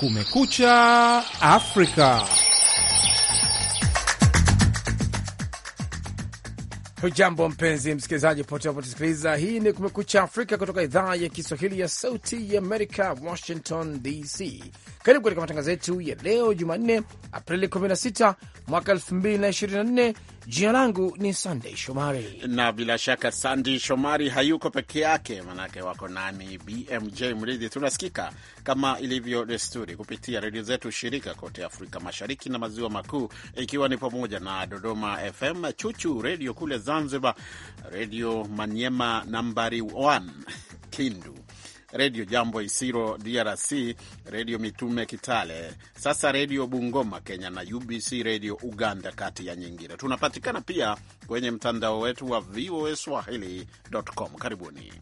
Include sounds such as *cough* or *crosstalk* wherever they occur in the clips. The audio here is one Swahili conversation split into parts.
Kumekucha Afrika. Hujambo mpenzi msikilizaji, pote unapotusikiliza. Hii ni Kumekucha Afrika kutoka idhaa ya Kiswahili ya Sauti ya Amerika, Washington DC. Karibu katika matangazo yetu ya leo Jumanne, Aprili 16 mwaka 2024 Jina langu ni Sandey Shomari, na bila shaka Sandey Shomari hayuko peke yake, manake wako nani? BMJ Mridhi. Tunasikika kama ilivyo desturi kupitia redio zetu shirika kote Afrika Mashariki na Maziwa Makuu, ikiwa ni pamoja na Dodoma FM, Chuchu Redio kule Zanzibar, Redio Manyema nambari 1 Kindu Redio Jambo Isiro DRC, Redio Mitume Kitale, sasa Redio Bungoma Kenya na UBC Redio Uganda, kati ya nyingine. Tunapatikana pia kwenye mtandao wetu wa VOA Swahili.com. Karibuni.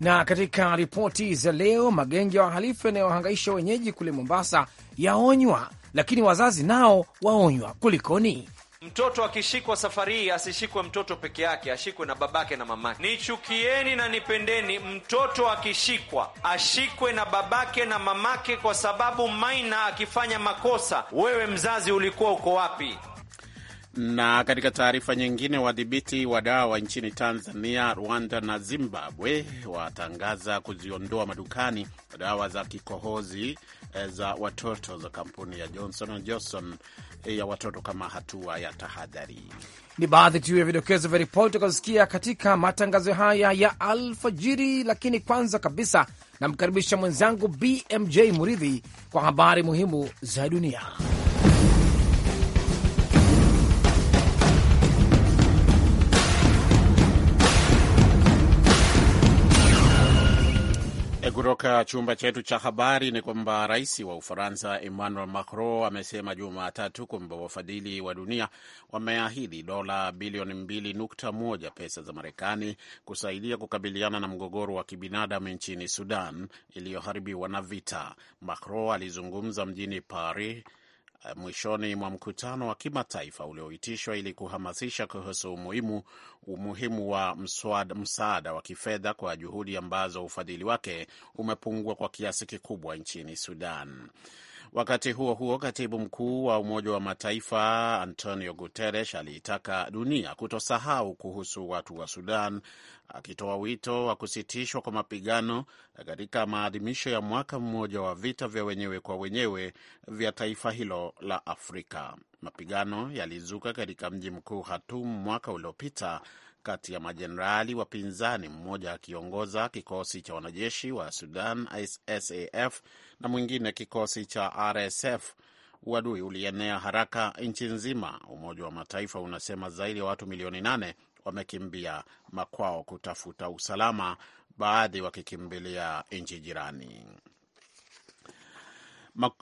Na katika ripoti za leo, magenge ya wahalifu yanayohangaisha wenyeji kule Mombasa yaonywa, lakini wazazi nao waonywa. Kulikoni? Mtoto akishikwa safari hii asishikwe mtoto peke yake, ashikwe na babake na mamake. Nichukieni na nipendeni, mtoto akishikwa ashikwe na babake na mamake, kwa sababu maina akifanya makosa, wewe mzazi ulikuwa uko wapi? Na katika taarifa nyingine, wadhibiti wa dawa nchini Tanzania, Rwanda na Zimbabwe watangaza kuziondoa madukani dawa za kikohozi eh, za watoto za kampuni ya Johnson and Johnson Eh, ya watoto kama hatua ya tahadhari. Ni baadhi tu ya vidokezo vya ripoti akazosikia katika matangazo haya ya alfajiri, lakini kwanza kabisa namkaribisha mwenzangu BMJ Muridhi kwa habari muhimu za dunia. kutoka chumba chetu cha habari ni kwamba rais wa Ufaransa Emmanuel Macron amesema Jumatatu kwamba wafadhili wa dunia wameahidi dola bilioni 2.1 pesa za Marekani kusaidia kukabiliana na mgogoro wa kibinadamu nchini Sudan iliyoharibiwa na vita. Macron alizungumza mjini Paris mwishoni mwa mkutano wa kimataifa ulioitishwa ili kuhamasisha kuhusu umuhimu, umuhimu wa mswad, msaada wa kifedha kwa juhudi ambazo ufadhili wake umepungua kwa kiasi kikubwa nchini Sudan. Wakati huo huo, katibu mkuu wa Umoja wa Mataifa Antonio Guterres aliitaka dunia kutosahau kuhusu watu wa Sudan akitoa wito wa kusitishwa kwa mapigano katika maadhimisho ya mwaka mmoja wa vita vya wenyewe kwa wenyewe vya taifa hilo la Afrika. Mapigano yalizuka katika mji mkuu Khartoum mwaka uliopita kati ya majenerali wapinzani, mmoja akiongoza kikosi cha wanajeshi wa Sudan SAF na mwingine kikosi cha RSF. Uadui ulienea haraka nchi nzima. Umoja wa Mataifa unasema zaidi ya watu milioni nane wamekimbia makwao kutafuta usalama, baadhi wakikimbilia nchi jirani.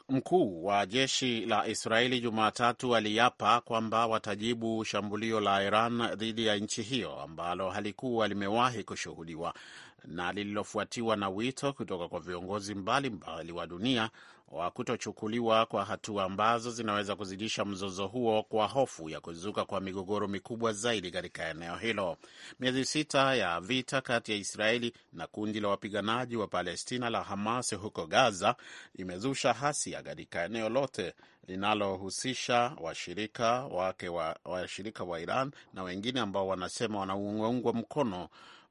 Mkuu wa jeshi la Israeli Jumatatu aliapa kwamba watajibu shambulio la Iran dhidi ya nchi hiyo ambalo halikuwa limewahi kushuhudiwa na lililofuatiwa na wito kutoka kwa viongozi mbalimbali wa dunia wa kutochukuliwa kwa hatua ambazo zinaweza kuzidisha mzozo huo kwa hofu ya kuzuka kwa migogoro mikubwa zaidi katika eneo hilo. Miezi sita ya vita kati ya Israeli na kundi la wapiganaji wa Palestina la Hamas huko Gaza imezusha hasia katika eneo lote linalohusisha washirika wake wa, washirika wa Iran na wengine ambao wanasema wanaungwa mkono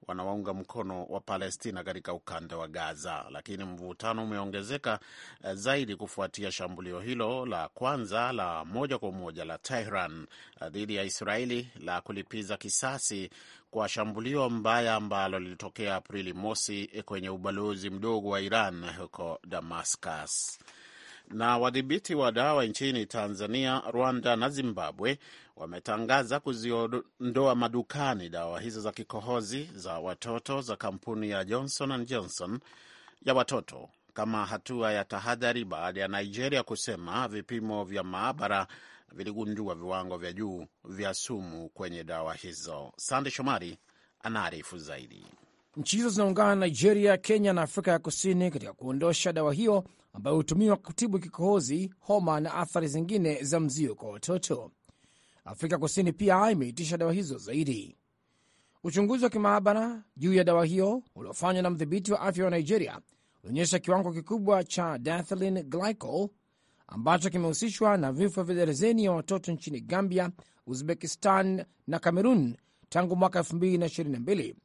wanawaunga mkono wa Palestina katika ukanda wa Gaza, lakini mvutano umeongezeka eh, zaidi kufuatia shambulio hilo la kwanza la moja kwa moja la Tehran eh, dhidi ya Israeli la kulipiza kisasi kwa shambulio mbaya ambalo lilitokea Aprili mosi eh, kwenye ubalozi mdogo wa Iran huko Damascus. Na wadhibiti wa dawa nchini Tanzania, Rwanda na Zimbabwe wametangaza kuziondoa madukani dawa hizo za kikohozi za watoto za kampuni ya Johnson and Johnson ya watoto kama hatua ya tahadhari baada ya Nigeria kusema vipimo vya maabara viligundua viwango vya juu vya sumu kwenye dawa hizo. Sande Shomari anaarifu zaidi. Nchi hizo zinaungana na Nigeria, Kenya na Afrika ya Kusini katika kuondosha dawa hiyo ambayo hutumiwa kutibu kikohozi, homa na athari zingine za mzio kwa watoto. Afrika Kusini pia imeitisha dawa hizo zaidi. Uchunguzi wa kimaabara juu ya dawa hiyo uliofanywa na mdhibiti wa afya wa Nigeria ulionyesha kiwango kikubwa cha diethylene glycol ambacho kimehusishwa na vifo vya darazeni ya watoto nchini Gambia, Uzbekistan na Kamerun tangu mwaka 2022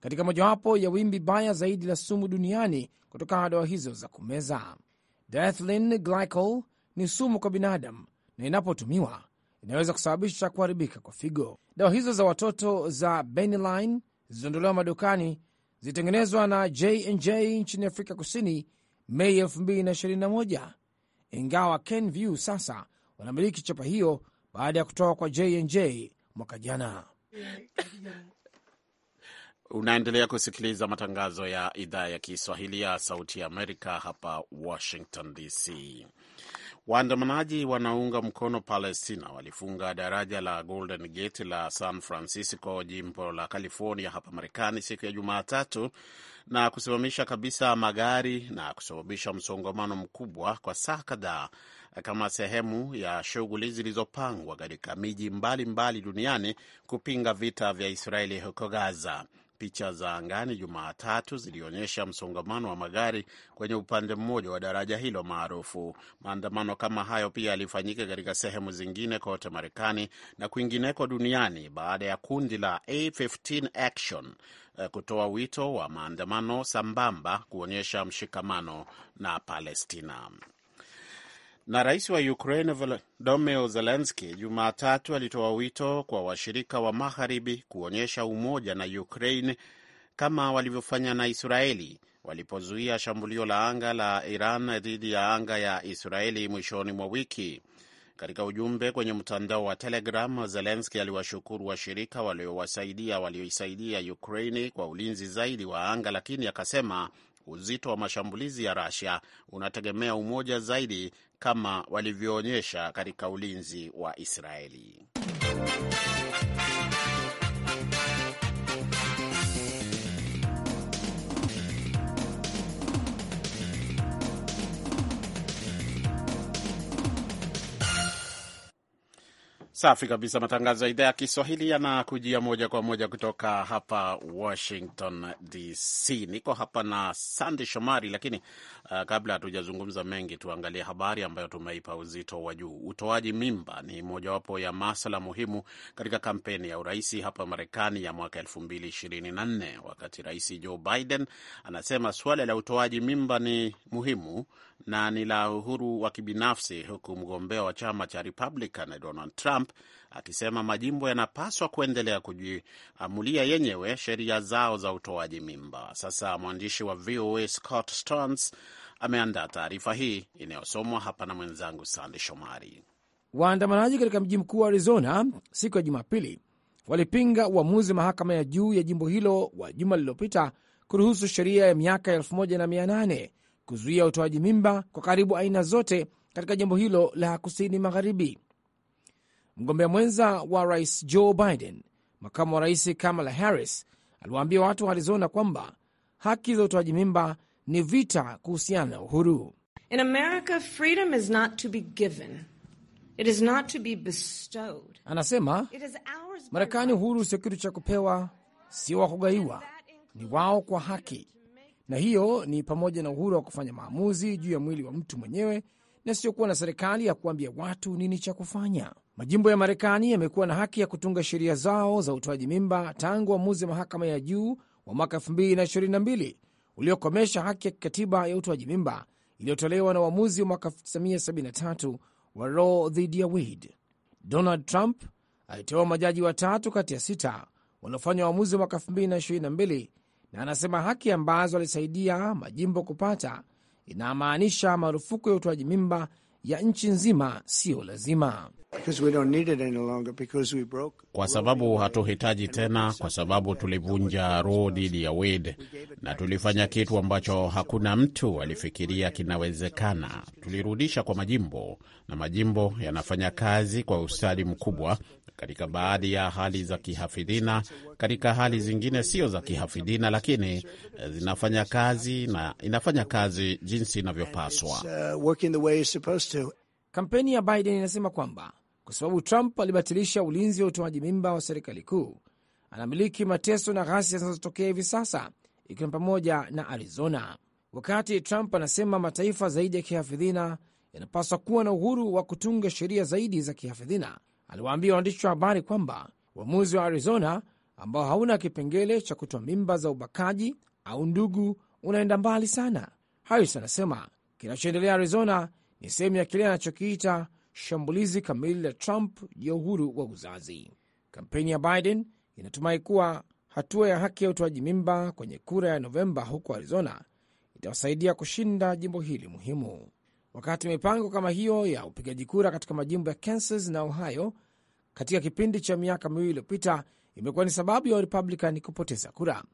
katika mojawapo ya wimbi baya zaidi la sumu duniani kutokana na dawa hizo za kumeza. Diethylene glycol ni sumu kwa binadamu na inapotumiwa inaweza kusababisha kuharibika kwa figo. Dawa hizo za watoto za Benylin zilizoondolewa madukani zilitengenezwa na JNJ nchini Afrika Kusini Mei 2021, ingawa Kenview sasa wanamiliki chapa hiyo baada ya kutoka kwa JNJ mwaka jana. Unaendelea kusikiliza matangazo ya idhaa ya Kiswahili ya Sauti ya Amerika hapa Washington DC. Waandamanaji wanaunga mkono Palestina walifunga daraja la Golden Gate la San Francisco, jimbo la California, hapa Marekani siku ya Jumatatu na kusimamisha kabisa magari na kusababisha msongamano mkubwa kwa saa kadhaa kama sehemu ya shughuli zilizopangwa katika miji mbalimbali duniani kupinga vita vya Israeli huko Gaza. Picha za angani Jumatatu zilionyesha msongamano wa magari kwenye upande mmoja wa daraja hilo maarufu. Maandamano kama hayo pia yalifanyika katika sehemu zingine kote Marekani na kwingineko duniani baada ya kundi la A15 Action eh, kutoa wito wa maandamano sambamba kuonyesha mshikamano na Palestina. Na rais wa Ukraine Volodymyr Zelensky Jumatatu alitoa wito kwa washirika wa magharibi kuonyesha umoja na Ukraine kama walivyofanya na Israeli walipozuia shambulio la anga la Iran dhidi ya anga ya Israeli mwishoni mwa wiki. Katika ujumbe kwenye mtandao wa Telegram, Zelenski aliwashukuru washirika waliowasaidia walioisaidia Ukraini kwa ulinzi zaidi wa anga, lakini akasema uzito wa mashambulizi ya Russia unategemea umoja zaidi kama walivyoonyesha katika ulinzi wa Israeli. Safi kabisa. Matangazo ya idhaa ya Kiswahili yanakujia moja kwa moja kutoka hapa Washington DC. Niko hapa na Sande Shomari, lakini uh, kabla hatujazungumza mengi, tuangalie habari ambayo tumeipa uzito wa juu. Utoaji mimba ni mojawapo ya masala muhimu katika kampeni ya uraisi hapa Marekani ya mwaka elfu mbili ishirini na nne wakati Rais Joe Biden anasema suala la utoaji mimba ni muhimu na ni la uhuru wa kibinafsi, huku mgombea wa chama cha Republican Donald Trump akisema majimbo yanapaswa kuendelea kujiamulia yenyewe sheria zao za utoaji mimba. Sasa mwandishi wa VOA Scott Stearns ameandaa taarifa hii inayosomwa hapa na mwenzangu Sande Shomari. Waandamanaji katika mji mkuu wa Arizona siku ya Jumapili walipinga uamuzi mahakama ya juu ya jimbo hilo wa juma lililopita kuruhusu sheria ya miaka 1800 kuzuia utoaji mimba kwa karibu aina zote katika jimbo hilo la kusini magharibi. Mgombea mwenza wa rais Joe Biden, makamu wa rais Kamala Harris, aliwaambia watu wa Arizona kwamba haki za utoaji mimba ni vita kuhusiana na uhuru. In America, freedom is not to be given. It is not to be bestowed. Anasema Marekani, uhuru sio kitu cha kupewa, sio wa kugaiwa, ni wao kwa haki, na hiyo ni pamoja na uhuru wa kufanya maamuzi juu ya mwili wa mtu mwenyewe na sio kuwa na serikali ya kuambia watu nini cha kufanya. Majimbo ya Marekani yamekuwa na haki ya kutunga sheria zao za utoaji mimba tangu uamuzi wa mahakama ya juu wa mwaka 2022 uliokomesha haki ya kikatiba ya utoaji mimba iliyotolewa na uamuzi wa mwaka 1973 wa Roe dhidi ya Wade. Donald Trump aliteua majaji watatu kati ya sita waliofanya uamuzi wa mwaka 2022 na anasema haki ambazo alisaidia majimbo kupata inamaanisha marufuku ya utoaji mimba ya nchi nzima siyo lazima, kwa sababu hatuhitaji tena, kwa sababu tulivunja roho dhidi ya Wade na tulifanya kitu ambacho hakuna mtu alifikiria kinawezekana. Tulirudisha kwa majimbo na majimbo yanafanya kazi kwa ustadi mkubwa katika baadhi ya hali za kihafidhina, katika hali zingine sio za kihafidhina, lakini zinafanya kazi na inafanya kazi jinsi inavyopaswa. Uh, Kampeni ya Biden inasema kwamba kwa sababu Trump alibatilisha ulinzi wa utoaji mimba wa serikali kuu, anamiliki mateso na ghasia zinazotokea hivi sasa, ikiwa pamoja na Arizona. Wakati Trump anasema mataifa zaidi ya kihafidhina yanapaswa kuwa na uhuru wa kutunga sheria zaidi za kihafidhina aliwaambia waandishi wa habari kwamba uamuzi wa Arizona ambao hauna kipengele cha kutoa mimba za ubakaji au ndugu unaenda mbali sana. Harris anasema kinachoendelea Arizona ni sehemu ya kile anachokiita shambulizi kamili la Trump juu ya uhuru wa uzazi. Kampeni ya Biden inatumai kuwa hatua ya haki ya utoaji mimba kwenye kura ya Novemba huko Arizona itawasaidia kushinda jimbo hili muhimu wakati mipango kama hiyo ya upigaji kura katika majimbo ya Kansas na Ohio katika kipindi cha miaka miwili iliyopita imekuwa ni sababu ya Warepublican kupoteza kura.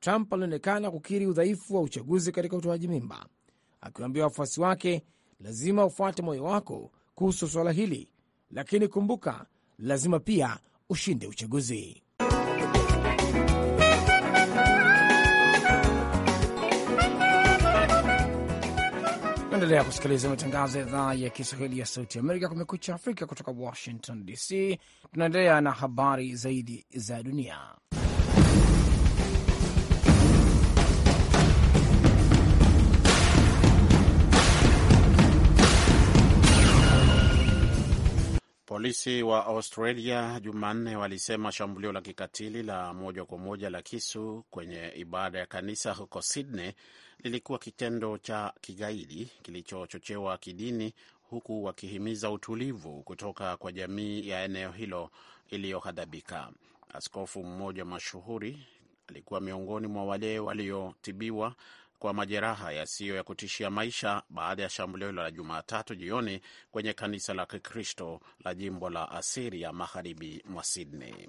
Trump alionekana kukiri udhaifu wa uchaguzi katika utoaji mimba, akiwaambia wafuasi wake, lazima ufuate moyo wako kuhusu swala hili, lakini kumbuka, lazima pia ushinde uchaguzi. Unaendelea kusikiliza matangazo ya idhaa ya Kiswahili ya Sauti Amerika, Kumekucha Afrika kutoka Washington DC. Tunaendelea na habari zaidi za dunia. Polisi wa Australia Jumanne walisema shambulio la kikatili la moja kwa moja la kisu kwenye ibada ya kanisa huko Sydney lilikuwa kitendo cha kigaidi kilichochochewa kidini, huku wakihimiza utulivu kutoka kwa jamii ya eneo hilo iliyohadhabika. Askofu mmoja mashuhuri alikuwa miongoni mwa wale waliotibiwa kwa majeraha yasiyo ya kutishia maisha baada ya shambulio hilo la Jumatatu jioni kwenye kanisa la Kikristo la jimbo la Asiria magharibi mwa Sydney.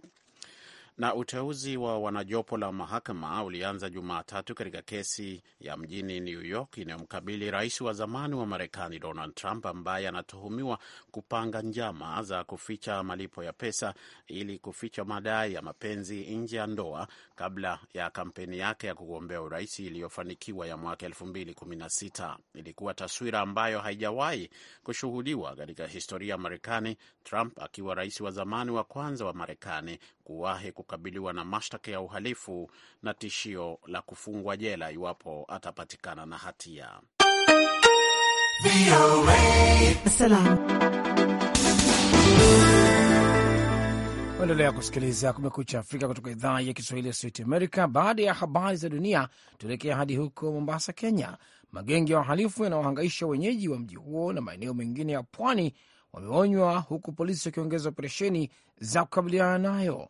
Na uteuzi wa wanajopo la mahakama ulianza Jumatatu katika kesi ya mjini New York inayomkabili rais wa zamani wa Marekani Donald Trump ambaye anatuhumiwa kupanga njama za kuficha malipo ya pesa ili kuficha madai ya mapenzi nje ya ndoa kabla ya kampeni yake ya kugombea urais iliyofanikiwa ya mwaka 2016. Ilikuwa taswira ambayo haijawahi kushuhudiwa katika historia ya Marekani, Trump akiwa rais wa zamani wa kwanza wa Marekani kuwahi kukabiliwa na mashtaka ya uhalifu na tishio la kufungwa jela iwapo atapatikana na hatia. Endelea kusikiliza Kumekucha Afrika kutoka idhaa ya Kiswahili ya Sauti Amerika. Baada ya habari za dunia, tuelekea hadi huko Mombasa, Kenya. Magenge ya wahalifu yanaohangaisha wenyeji wa mji huo na maeneo mengine ya pwani wameonywa, huku polisi wakiongeza operesheni za kukabiliana nayo.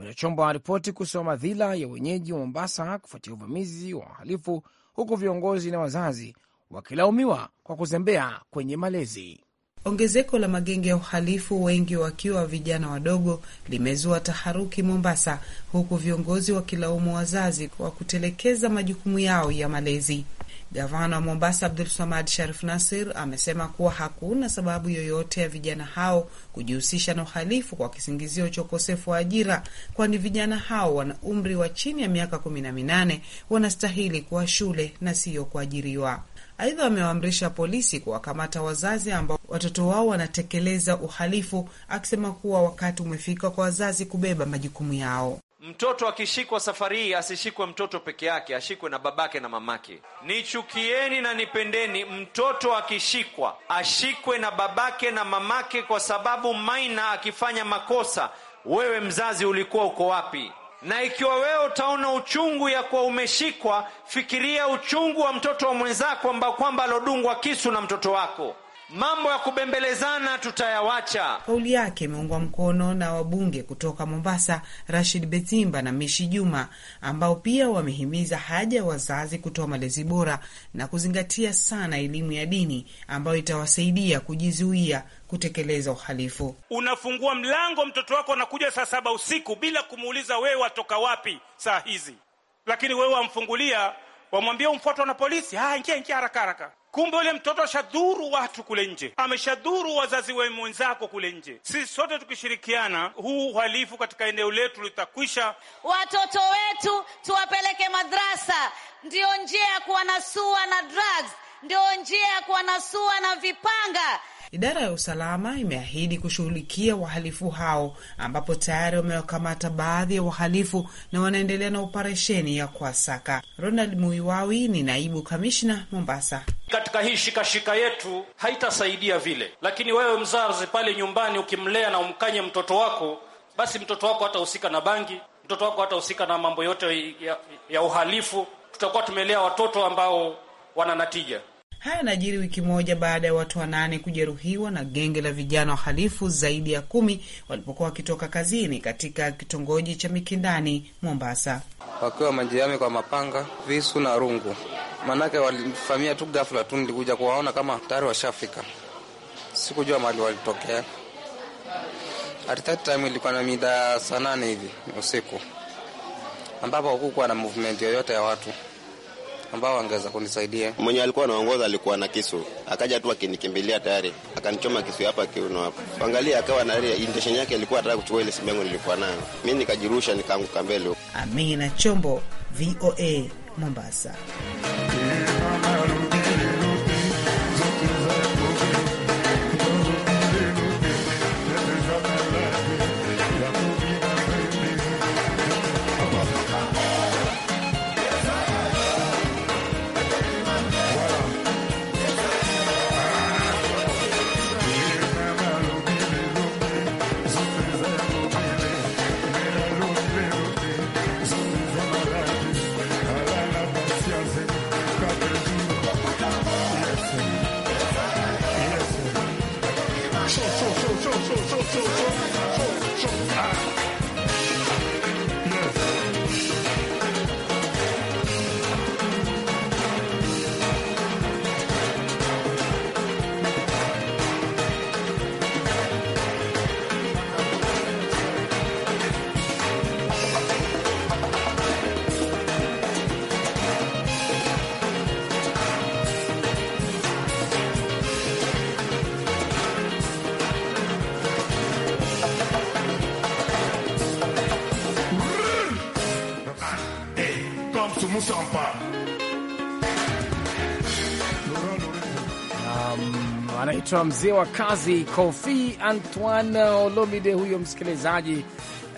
Ametochomba ripoti kuhusu madhila ya wenyeji wa Mombasa kufuatia uvamizi wa wahalifu, huku viongozi na wazazi wakilaumiwa kwa kuzembea kwenye malezi. Ongezeko la magenge ya uhalifu, wengi wakiwa vijana wadogo, limezua taharuki Mombasa, huku viongozi wakilaumu wazazi kwa kutelekeza majukumu yao ya malezi. Gavana wa Mombasa Abdul Samad Sharif Nasir amesema kuwa hakuna sababu yoyote ya vijana hao kujihusisha na uhalifu kwa kisingizio cha ukosefu wa ajira, kwani vijana hao wana umri wa chini ya miaka kumi na minane wanastahili kuwa shule na siyo kuajiriwa. Aidha, wamewaamrisha polisi kuwakamata wazazi ambao watoto wao wanatekeleza uhalifu, akisema kuwa wakati umefika kwa wazazi kubeba majukumu yao. Mtoto akishikwa safari hii asishikwe mtoto peke yake, ashikwe na babake na mamake. Nichukieni na nipendeni, mtoto akishikwa ashikwe na babake na mamake, kwa sababu maina akifanya makosa, wewe mzazi ulikuwa uko wapi? Na ikiwa wewe utaona uchungu ya kuwa umeshikwa, fikiria uchungu wa mtoto wa mwenzako ambao kwamba alodungwa kisu na mtoto wako. Mambo ya kubembelezana tutayawacha. Kauli yake imeungwa mkono na wabunge kutoka Mombasa, Rashid Betimba na Mishi Juma, ambao pia wamehimiza haja ya wazazi kutoa malezi bora na kuzingatia sana elimu ya dini ambayo itawasaidia kujizuia kutekeleza uhalifu. Unafungua mlango, mtoto wako anakuja saa saba usiku bila kumuuliza wewe watoka wapi saa hizi, lakini wewe wamfungulia, wamwambia umfuatwa na polisi. Ingia ingia haraka haraka Kumbe yule mtoto ashadhuru watu kule nje, ameshadhuru wazazi wa mwenzako kule nje. Sisi sote tukishirikiana, huu uhalifu katika eneo letu litakwisha. Watoto wetu tuwapeleke madrasa, ndiyo njia ya kuwanasua na drugs, ndio njia ya kuwanasua na vipanga. Idara ya usalama imeahidi kushughulikia wahalifu hao, ambapo tayari wamewakamata baadhi ya wahalifu na wanaendelea na operesheni ya kuwasaka. Ronald Muiwawi ni naibu kamishna Mombasa. Katika hii shikashika yetu haitasaidia vile, lakini wewe mzazi pale nyumbani ukimlea na umkanye mtoto wako, basi mtoto wako hatahusika na bangi, mtoto wako hatahusika na mambo yote ya, ya uhalifu. Tutakuwa tumelea watoto ambao wananatija. Haya yanajiri wiki moja baada ya watu wanane kujeruhiwa na genge la vijana wahalifu zaidi ya kumi walipokuwa wakitoka kazini katika kitongoji cha Mikindani, Mombasa, wakiwa majirani kwa mapanga, visu na rungu. Maanake walifamia tu ghafla tu, nilikuja kuwaona kama tayari washafika. Sikujua mahali walitokea. At that time ilikuwa na mida saa nane hivi usiku, ambapo hukukuwa na movement yoyote ya watu ambao angeweza kunisaidia. Mwenye alikuwa anaongoza alikuwa na kisu, akaja tu akinikimbilia tayari, akanichoma kisu hapa kiuno hapa, angalia, akawa na intention yake, alikuwa anataka kuchukua ile simu yangu nilikuwa nayo mi nikajirusha nikaanguka mbele. Amina Chombo, VOA, Mombasa. anaitwa mzee wa kazi Kofi Antoine Olomide, huyo msikilizaji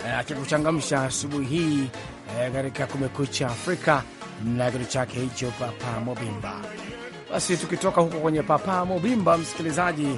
eh, akikuchangamsha asubuhi hii eh, katika Kumekucha Afrika na kitu chake hicho Papa Mobimba. Basi tukitoka huko kwenye Papa Mobimba, msikilizaji,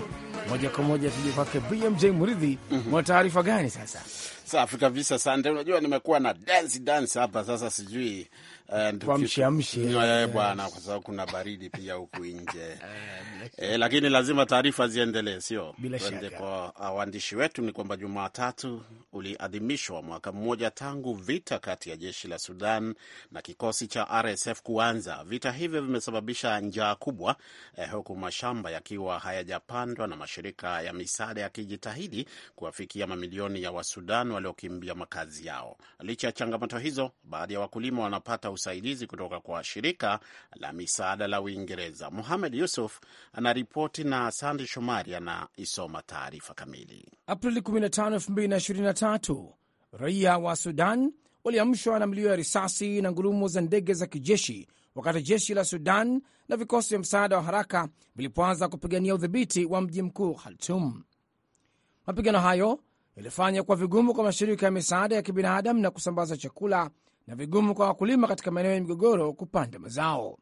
moja kwa moja tuje kwake BMJ Mridhi. mm -hmm. Una taarifa gani sasa? Safi kabisa, sande. Unajua nimekuwa na dance dance hapa sasa, sijui Eh, eh, bwana, kwa sababu kuna baridi pia huku nje *laughs* e, lakini lazima taarifa ziendelee, sio ende kwa ah, waandishi wetu. Ni kwamba Jumatatu uliadhimishwa mwaka mmoja tangu vita kati ya jeshi la Sudan na kikosi cha RSF kuanza. Vita hivyo vimesababisha njaa kubwa eh, huku mashamba yakiwa hayajapandwa na mashirika ya misaada yakijitahidi kuwafikia mamilioni ya Wasudan waliokimbia makazi yao. Licha ya changamoto hizo, baadhi ya wakulima wanapata usaidizi kutoka kwa shirika la misaada la Uingereza. Muhamed Yusuf anaripoti na Sandi Shomari anaisoma taarifa kamili. Aprili 15, 2023 raia wa Sudan waliamshwa na milio ya risasi na ngurumo za ndege za kijeshi wakati jeshi la Sudan na vikosi vya msaada wa haraka vilipoanza kupigania udhibiti wa mji mkuu Khartum. Mapigano hayo yalifanya kwa vigumu kwa mashirika ya misaada ya kibinadamu na kusambaza chakula na vigumu kwa wakulima katika maeneo ya migogoro kupanda mazao.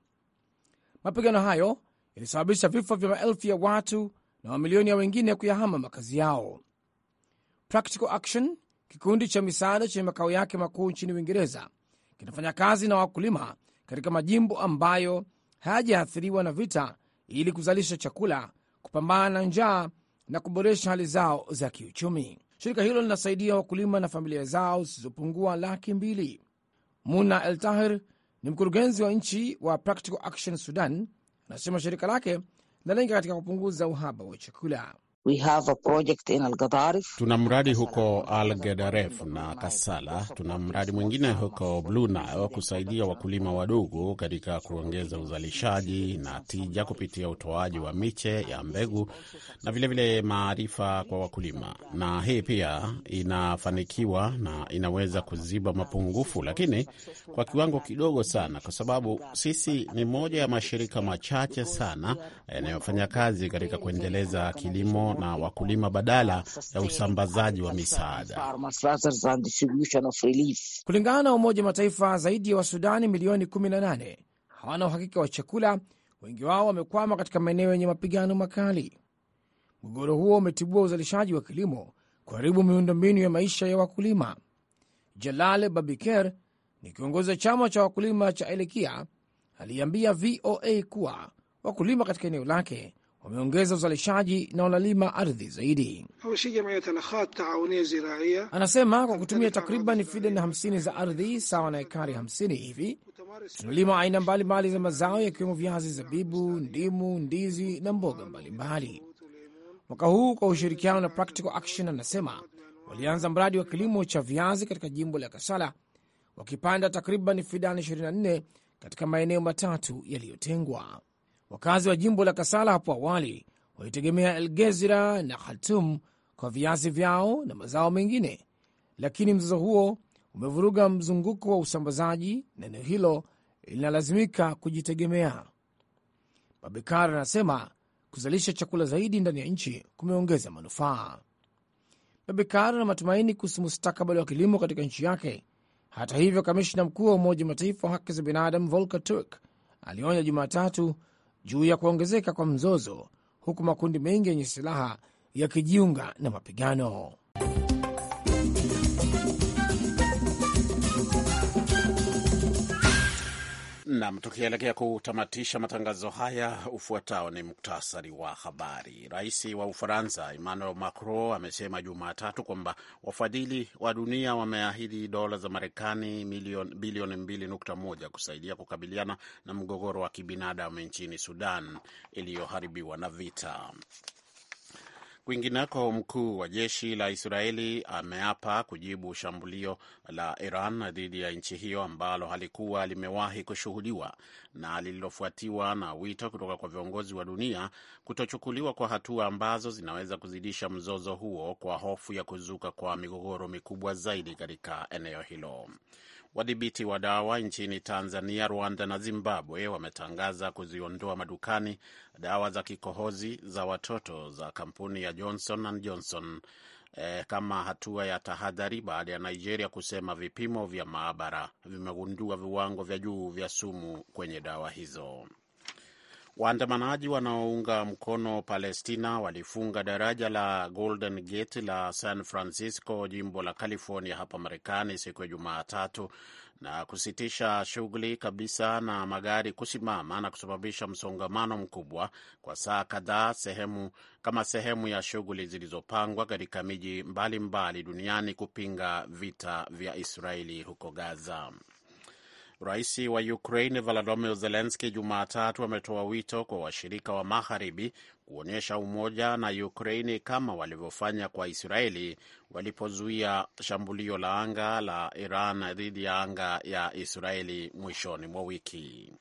Mapigano hayo yalisababisha vifo vya maelfu ya watu na mamilioni ya wengine kuyahama makazi yao. Practical Action, kikundi cha misaada chenye makao yake makuu nchini Uingereza, kinafanya kazi na wakulima katika majimbo ambayo hayajaathiriwa na vita ili kuzalisha chakula, kupambana na njaa na kuboresha hali zao za kiuchumi. Shirika hilo linasaidia wakulima na familia zao zisizopungua laki mbili Muna El Tahir ni mkurugenzi wa nchi wa Practical Action Sudan, anasema shirika lake linalenga katika kupunguza uhaba wa chakula. We have a project in Algadarif. Tuna mradi huko al gedaref na Kasala. Tuna mradi mwingine huko Blue Nile kusaidia wakulima wadogo katika kuongeza uzalishaji na tija kupitia utoaji wa miche ya mbegu na vilevile maarifa kwa wakulima, na hii pia inafanikiwa na inaweza kuziba mapungufu, lakini kwa kiwango kidogo sana, kwa sababu sisi ni moja ya mashirika machache sana yanayofanya kazi katika kuendeleza kilimo na wakulima badala ya usambazaji wa misaada. Kulingana na Umoja wa Mataifa, zaidi ya Wasudani milioni 18 hawana uhakika wa chakula, wengi wao wamekwama katika maeneo yenye mapigano makali. Mgogoro huo umetibua uzalishaji wa kilimo, kuharibu miundombinu ya maisha ya wakulima. Jalal Babiker ni kiongozi wa chama cha wakulima cha Elekia aliambia VOA kuwa wakulima katika eneo lake wameongeza uzalishaji na wanalima ardhi zaidi. Anasema kwa kutumia takriban fida 50 za ardhi sawa na hekari hamsini hivi tunalima aina mbalimbali za mazao yakiwemo viazi, zabibu, ndimu, ndizi na mboga mbalimbali. Mwaka huu kwa ushirikiano na Practical Action, anasema walianza mradi wa kilimo cha viazi katika jimbo la Kasala, wakipanda takriban fidani 24 katika maeneo matatu yaliyotengwa. Wakazi wa jimbo la Kasala hapo awali walitegemea Elgezira na Khartum kwa viazi vyao na mazao mengine, lakini mzozo huo umevuruga mzunguko wa usambazaji na eneo hilo linalazimika kujitegemea. Babekar anasema kuzalisha chakula zaidi ndani ya nchi kumeongeza manufaa. Babekar ana matumaini kuhusu mustakabali wa kilimo katika nchi yake. Hata hivyo, kamishna mkuu wa Umoja wa Mataifa wa haki za binadamu Volker Turk alionya Jumatatu juu ya kuongezeka kwa mzozo, huku makundi mengi yenye silaha yakijiunga na mapigano. Nam, tukielekea kutamatisha matangazo haya, ufuatao ni muktasari wa habari. Rais wa Ufaransa Emmanuel Macron amesema Jumatatu kwamba wafadhili wa dunia wameahidi dola za Marekani bilioni 2.1 kusaidia kukabiliana na mgogoro wa kibinadamu nchini Sudan iliyoharibiwa na vita. Kwingineko, mkuu wa jeshi la Israeli ameapa kujibu shambulio la Iran dhidi ya nchi hiyo ambalo halikuwa limewahi kushuhudiwa na lililofuatiwa na wito kutoka kwa viongozi wa dunia kutochukuliwa kwa hatua ambazo zinaweza kuzidisha mzozo huo kwa hofu ya kuzuka kwa migogoro mikubwa zaidi katika eneo hilo. Wadhibiti wa dawa nchini Tanzania, Rwanda na Zimbabwe wametangaza kuziondoa madukani dawa za kikohozi za watoto za kampuni ya Johnson and Johnson e, kama hatua ya tahadhari baada ya Nigeria kusema vipimo vya maabara vimegundua viwango vya juu vya sumu kwenye dawa hizo. Waandamanaji wanaounga mkono Palestina walifunga daraja la Golden Gate la San Francisco, jimbo la California hapa Marekani siku ya Jumatatu na kusitisha shughuli kabisa na magari kusimama na kusababisha msongamano mkubwa kwa saa kadhaa, sehemu kama sehemu ya shughuli zilizopangwa katika miji mbalimbali duniani kupinga vita vya Israeli huko Gaza. Rais wa Ukraine Volodymyr Zelensky Jumatatu ametoa wito kwa washirika wa magharibi kuonyesha umoja na Ukraini kama walivyofanya kwa Israeli walipozuia shambulio la anga la Iran dhidi ya anga ya Israeli mwishoni mwa wiki.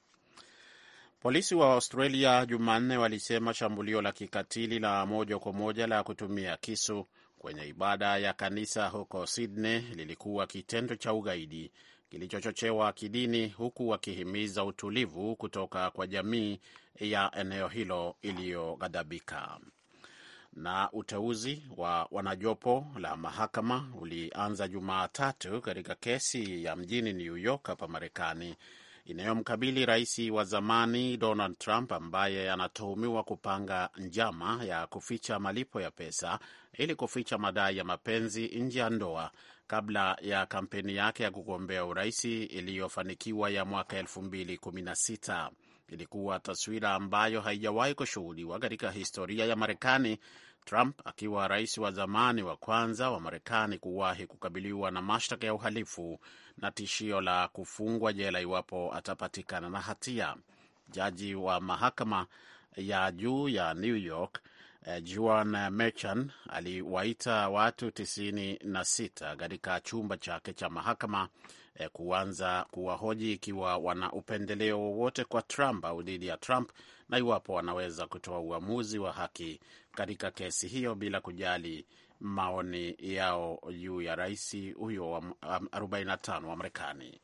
Polisi wa Australia Jumanne walisema shambulio la kikatili la moja kwa moja la kutumia kisu kwenye ibada ya kanisa huko Sydney lilikuwa kitendo cha ugaidi kilichochochewa kidini, huku wakihimiza utulivu kutoka kwa jamii ya eneo hilo iliyoghadhabika. Na uteuzi wa wanajopo la mahakama ulianza Jumatatu katika kesi ya mjini New York hapa Marekani inayomkabili rais wa zamani Donald Trump ambaye anatuhumiwa kupanga njama ya kuficha malipo ya pesa ili kuficha madai ya mapenzi nje ya ndoa kabla ya kampeni yake ya kugombea uraisi iliyofanikiwa ya mwaka 2016. Ilikuwa taswira ambayo haijawahi kushuhudiwa katika historia ya Marekani, Trump akiwa rais wa zamani wa kwanza wa Marekani kuwahi kukabiliwa na mashtaka ya uhalifu na tishio la kufungwa jela iwapo atapatikana na hatia. Jaji wa mahakama ya juu ya New York Eh, Juan Merchan aliwaita watu tisini na sita katika chumba chake cha mahakama eh, kuanza kuwahoji ikiwa wana upendeleo wowote kwa Trump au dhidi ya Trump na iwapo wanaweza kutoa uamuzi wa haki katika kesi hiyo bila kujali maoni yao juu ya rais huyo wa 45 wa Marekani.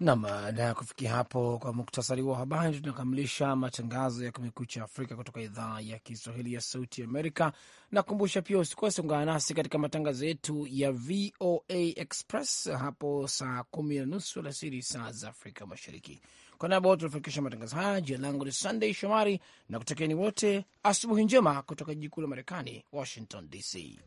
Nam, na ya kufikia hapo, kwa muktasari wa habari, tunakamilisha matangazo ya Kumekucha Afrika kutoka idhaa ya Kiswahili ya Sauti Amerika. Nakumbusha pia usikose ungana nasi katika matangazo yetu ya VOA Express hapo saa kumi na nusu alasiri saa za Afrika Mashariki. Kwa niaba wote tunafanikisha matangazo haya, jina langu ni Sunday Shomari na kutakieni wote asubuhi njema kutoka jiji kuu la Marekani, Washington DC.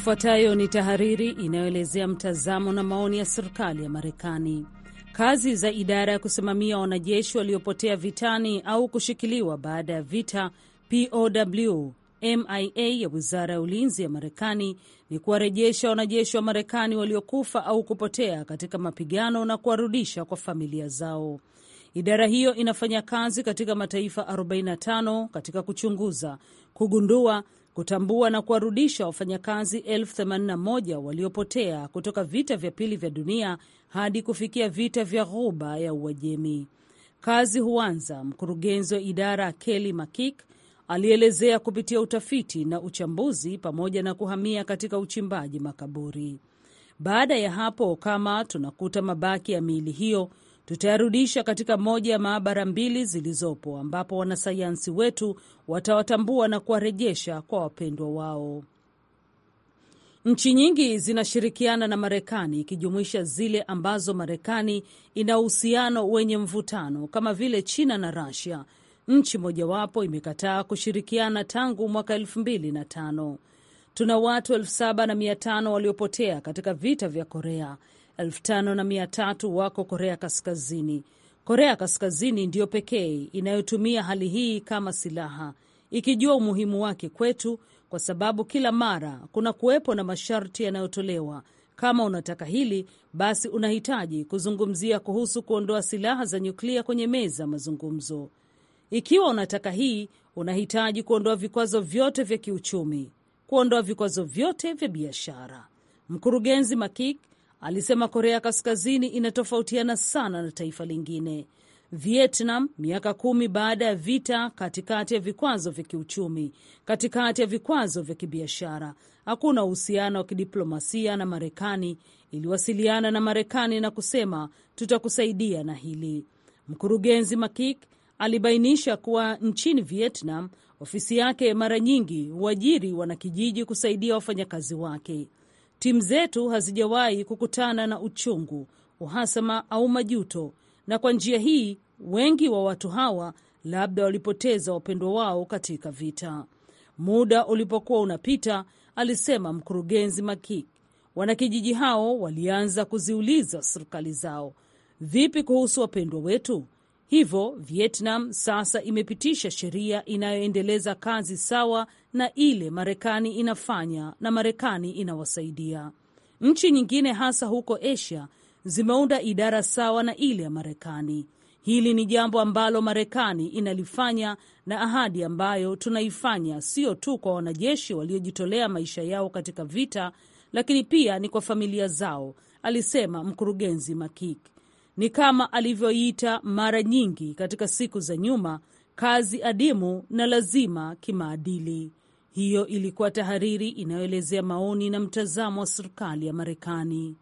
Ifuatayo ni tahariri inayoelezea mtazamo na maoni ya serikali ya Marekani. Kazi za idara ya kusimamia wanajeshi waliopotea vitani au kushikiliwa baada ya vita POW MIA ya wizara ya ulinzi ya Marekani ni kuwarejesha wanajeshi wa Marekani waliokufa au kupotea katika mapigano na kuwarudisha kwa familia zao. Idara hiyo inafanya kazi katika mataifa 45 katika kuchunguza, kugundua kutambua na kuwarudisha wafanyakazi 81 waliopotea kutoka vita vya pili vya dunia hadi kufikia vita vya Ghuba ya Uajemi. Kazi huanza, mkurugenzi wa idara Kelly Makik alielezea kupitia utafiti na uchambuzi pamoja na kuhamia katika uchimbaji makaburi. Baada ya hapo, kama tunakuta mabaki ya miili hiyo tutayarudisha katika moja ya maabara mbili zilizopo ambapo wanasayansi wetu watawatambua na kuwarejesha kwa wapendwa wao. Nchi nyingi zinashirikiana na Marekani ikijumuisha zile ambazo Marekani ina uhusiano wenye mvutano kama vile China na rasia Nchi mojawapo imekataa kushirikiana tangu mwaka elfu mbili na tano. Tuna watu elfu saba na mia tano waliopotea katika vita vya Korea 5300 wako Korea Kaskazini. Korea Kaskazini ndiyo pekee inayotumia hali hii kama silaha, ikijua umuhimu wake kwetu, kwa sababu kila mara kuna kuwepo na masharti yanayotolewa kama unataka hili basi unahitaji kuzungumzia kuhusu kuondoa silaha za nyuklia kwenye meza mazungumzo. Ikiwa unataka hii, unahitaji kuondoa vikwazo vyote vya kiuchumi, kuondoa vikwazo vyote vya biashara. Mkurugenzi Makik alisema Korea Kaskazini inatofautiana sana na taifa lingine. Vietnam miaka kumi baada ya vita, katikati ya vikwazo vya kiuchumi, katikati ya vikwazo vya kibiashara, hakuna uhusiano wa kidiplomasia na Marekani. Iliwasiliana na Marekani na kusema tutakusaidia na hili. Mkurugenzi Makik alibainisha kuwa nchini Vietnam ofisi yake mara nyingi huajiri wanakijiji kusaidia wafanyakazi wake. Timu zetu hazijawahi kukutana na uchungu, uhasama au majuto, na kwa njia hii wengi wa watu hawa labda walipoteza wapendwa wao katika vita. Muda ulipokuwa unapita, alisema mkurugenzi Makik, wanakijiji hao walianza kuziuliza serikali zao, vipi kuhusu wapendwa wetu? Hivyo Vietnam sasa imepitisha sheria inayoendeleza kazi sawa na ile Marekani inafanya na Marekani inawasaidia. Nchi nyingine hasa huko Asia zimeunda idara sawa na ile ya Marekani. Hili ni jambo ambalo Marekani inalifanya na ahadi ambayo tunaifanya sio tu kwa wanajeshi waliojitolea maisha yao katika vita, lakini pia ni kwa familia zao, alisema mkurugenzi Makik. Ni kama alivyoita mara nyingi katika siku za nyuma, kazi adimu na lazima kimaadili. Hiyo ilikuwa tahariri inayoelezea maoni na mtazamo wa serikali ya Marekani.